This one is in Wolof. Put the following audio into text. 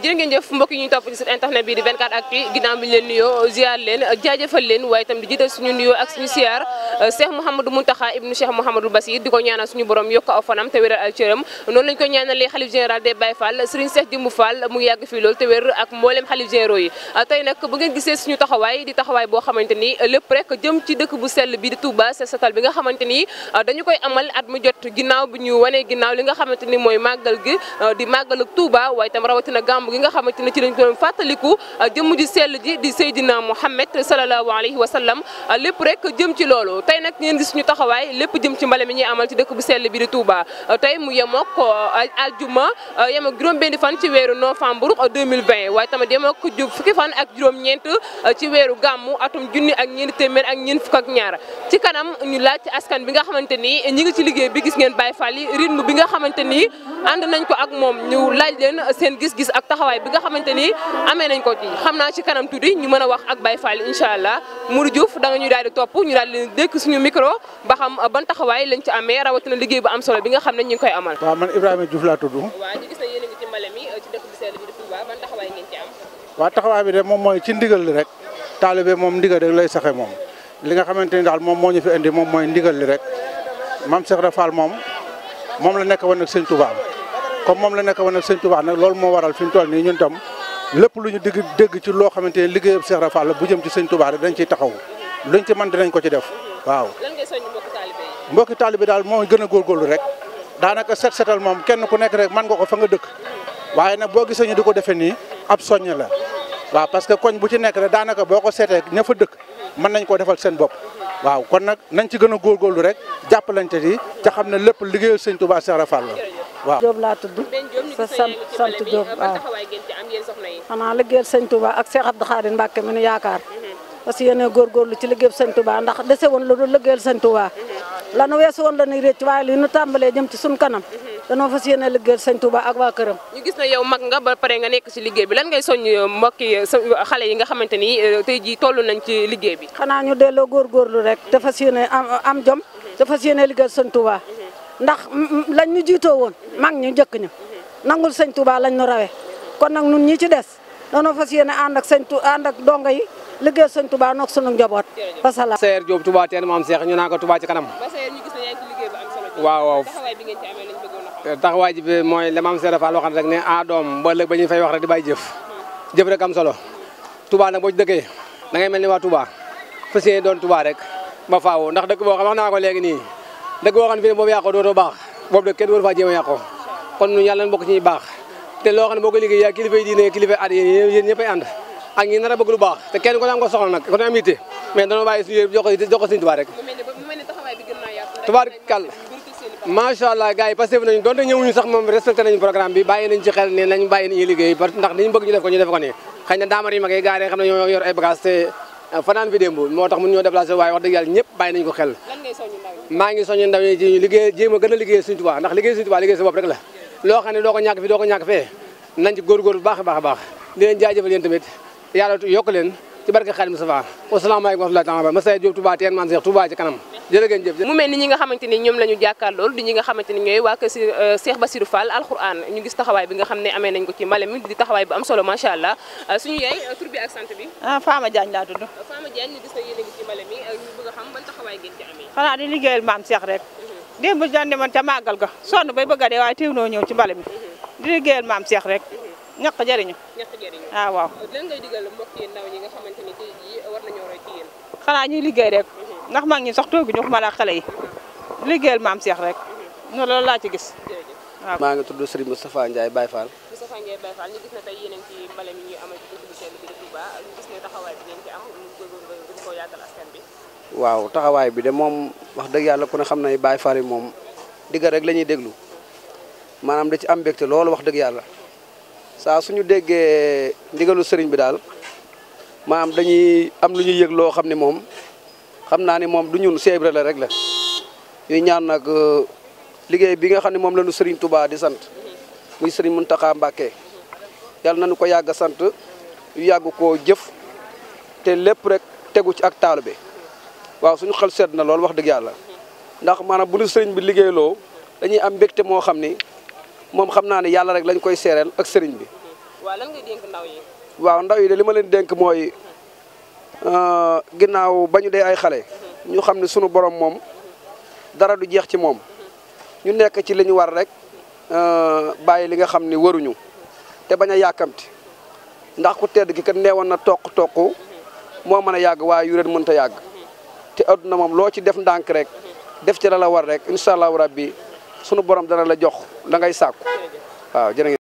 jërë ngeen jëf mbokk yi ñu topp ci seen internet bi di 24 actu ginnaaw bi ñu leen nuyoo ziar leen jaajëfal leen waaye itam di jiital suñu nuyoo ak suñu siyaar euh, di ko ñaanal suñu borom yokk aw fanam te wéral ak cëram noonu lañ ko ñaanalee xalif général des Baye euh, euh, bi di Touba set setal bi nga koy amal at mu jot ginnaaw bi ñu wanee ginnaaw li nga xamante ni mooy màggal gi di màggalu Touba waaye itam rawatina gàmb gàmm gi nga xamante ne ci lañ ko doon fàttaliku ah, jëmm ji sell ji di na Mouhamed sallallahu alayhi wa sallam ah, lépp rek jëm ci loolu tey nag ngeen gis suñu taxawaay lépp jëm ci mbale mi ñuy amal ci dëkk bu sell bi di Touba ah, tey mu yemook aljuma yemook juróom benn fan ci weeru novembre 2020 waaye tamit yemook fukki fan ak juróom-ñeent ci weeru gàmmu atum junni ak ñeenti téeméer ak ñeent fukk ak ñaar ci kanam ñu laaj ci askan bi nga xamante ni ñi ngi ci liggéey bi gis ngeen Baye Fall bi nga xamante ni ànd nañ ko ak moom ñu laaj leen seen gis-gis ak taxawaay bi nga xamante ni amee nañ ko ci xam naa ci kanam tuddi ñu mën a wax ak bay Fall incha allah Mourou Diouf da ñu daal di topp ñu daal di dékk suñu micro ba xam ban taxawaay lañ ci amee rawatina liggéey bu am solo bi nga xam ne ñu koy amal. waaw man Ibrahima Diouf laa tudd. waaw ñu mi bi sell de moom mooy ci ndigal li rek taalibe moom ndigal rek lay saxe moom li nga xamante ni daal moom moo ñu fi indi moom mooy ndigal li rek Mame Cheikh Ibra Fall moom moom la nekk woon seen Sëñ comme moom la nekk woon ak sëñ Tuubaa nag loolu moo waral fi ñu toll nii ñun tam lépp lu ñu dégg dégg ci loo xamante ne liggéeyam Cheikh Ibra Fall la bu jëm ci sëñ Tuubaa rek dañ ciy taxaw luñ ci mën dinañ ko ci def waaw. lan ngay soññ mbokki taalibe daal moo gën a góor góorlu rek daanaka set seetal moom kenn ku nekk rek mën nga ko fa nga dëkk waaye nag boo gisee ñu di ko defee nii ab soññ la waaw parce que koñ bu ci nekk rek daanaka boo ko seetee ña fa dëkk mën nañ koo defal seen bopp waaw kon nag nañ ci gën a góorgóorlu rek jàppalante yi ca xam ne lépp liggéeyal sëñ Tuubaa Cheikh Ibra la waaw Diop laa tudd sa sant sant Diop waaw xanaa liggéeyal sëñ Touba ak Cheikh Abdou Khadim Mbacke mi nu yaakaar mhm. parce que yéen a góorgóorlu ci liggéeyal sëñ Touba ndax dese woon lu la liggéeyal sëñ Touba mhm. lanu weesu woon la nuy ci waaye li nu tàmbalee jëm ci suñ kanam mhm. danoo fas yéene liggéeyal sëñ Touba ak waa këram ñu gis na yow mag nga ba pare nga nekk ci liggéey bi lan ngay soññ euh, mbokki euh, euh, xale yi nga xamante ni tey ji toll nañ ci liggéey bi xanaa ñu delloo góorgóorlu rek te yéene am jom te fas yéene liggéeyal ndax lañ ñu jiitoo woon mag ñu njëkk ñu nangul sëñ Touba lañ nu rawee kon nag nun ñi ci des danoo fa yéene ànd ak sëñ Touba ànd ak donga yi liggéey sëñ Touba noog sunu njaboot fasala Seer Diop Touba teen maam Seex ñu naan ko Touba ci kanam waaw waaw taxawaay ji bi mooy li maam Seex Faal waxan rek ne a ah, doom ba ëllëg ba ñuy fay wax rek di bàyyi jëf hmm. jëf rek am solo Touba nag boo dëkkee da ngay mel ni waa Touba fas yéene doon Touba rek ba faaw ndax dëkk boo xam wax naa ko léegi nii dëgg boo xam ne fi ne boobu yàqoo dootoo baax boobu de kenn waru faa jéem a kon ñun yàlla bokk ci baax te loo xam ne boo ko liggéey yaa kilifa yi diine kilifa yi aada yéen ñëppay ànd ak ñi nar a bëgg lu baax te kenn ku ne am ko soxla nag ku ne am yitte mais dañoo bàyyi suñu jox ko jox ko suñu tubaab rek tubaab kàll macha allah gars yi passé fi nañu donte ñëwuñu sax moom respecté programme bi bàyyi nañ ci xel ne nañ bàyyi nañu liggéey ndax niñu ñu def ñu def ko nii ah, ko xel maa ngi soñu ndaw ñi ci ñu liggéey jéem a gën a liggéey Sëriñ Tuubaa ndax liggéey Sëriñ Tuubaa liggéey sa bopp rek la loo xam ne doo ko ñàkk fi doo ko ñàkk fee nañ ci a baax a teen man Seex Tuubaa kanam jërëgéen jëf mu mel ni ñi nga xamante ni ñoom la ñu loolu di ñi nga xamante ni ñooy waa kër si euh, Cheikh Bassirou Fall alquran ñu gis taxawaay bi nga xam ne amee nañ ko ci mbale mi di taxawaay bu am solo macha allah euh, suñu yaay euh, ak sant bi ah Fama Diagne ñu gis na a ngi ci mbale xam ban taxawaay ngeen amee xanaa di liggéeyal maam seex rek mhm. démb daan demoon ca màggal ga sonn bay bëgg a dee noo ñëw ci mbale mi mhm. di rek mhm. ñaq jëriñu ñaq jëriñu ah waaw lan digal mbokk yi ndaw ñi nga xamante ni tey xanaa ñuy liggéey rek ndax maa ngi sax tooguñu waxuma la xale yi liggéeyal maam seex rek no laa ci gis. waaw maa ngi tudd Serigne Moustapha Ndiaye Baye Fall. Moustapha taxawaay bi de moom wax dëgg yàlla ku ne xam ne Baye Fall yi moom diggal rek lañuy déglu maanaam da ci am mbégte loolu wax dëgg yàlla saa suñu déggee ndigalu sëriñ bi daal maanaam dañuy am lu ñuy yëg loo xam ni moom xam naa ni moom du ñun Cheikh Ibra la rek la ñuy ñaan nag euh, liggéey bi nga xam ne moom la ñu Serigne Touba di sant muy sëriñ mun taxaa Mbacké yàlla nañu ko yàgg sant yàggu yàgg koo jëf te lépp rek tegu ci ak bi waaw suñu xel sedd na loolu wax dëgg yàlla ndax maanaam bu ñu sëriñ bi liggéeyloo dañuy am mbégte moo xam ni moom xam naa ne yàlla rek lañ koy seereel ak sëriñ bi. waaw ndaw yi. de li ma leen dénk mooy. Euh, ginnaaw ba ñu dee ay xale ñu xam ne sunu borom moom dara du jeex ci moom ñu nekk ci li ñu war rek euh, bàyyi li nga xam ni waruñu te bañ a yàkkamti ndax ku tedd ki kat neewoon na toq toq moo mën a yàgg waaye yu ren mënta yàgg te adduna moom loo ci def ndànk rek def ci la la war rek incha allahu rabbi sunu borom dana la jox la sàkku waaw